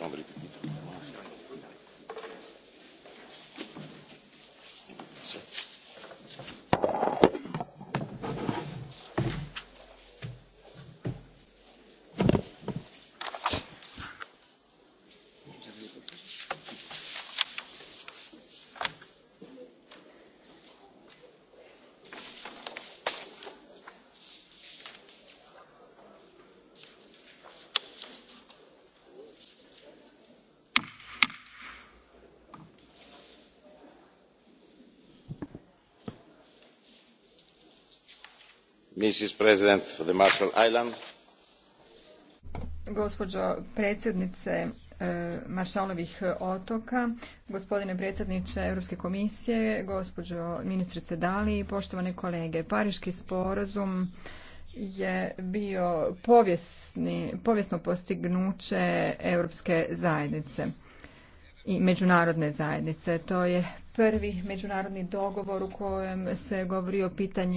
Andrej Mrs. Gospođo predsjednice eh, Maršalovih eh, otoka, gospodine predsjedniče Europske komisije, gospođo ministrice Dali i poštovane kolege. Pariški sporazum je bio povijesno postignuće Europske zajednice i međunarodne zajednice. To je prvi međunarodni dogovor u kojem se govori o pitanjima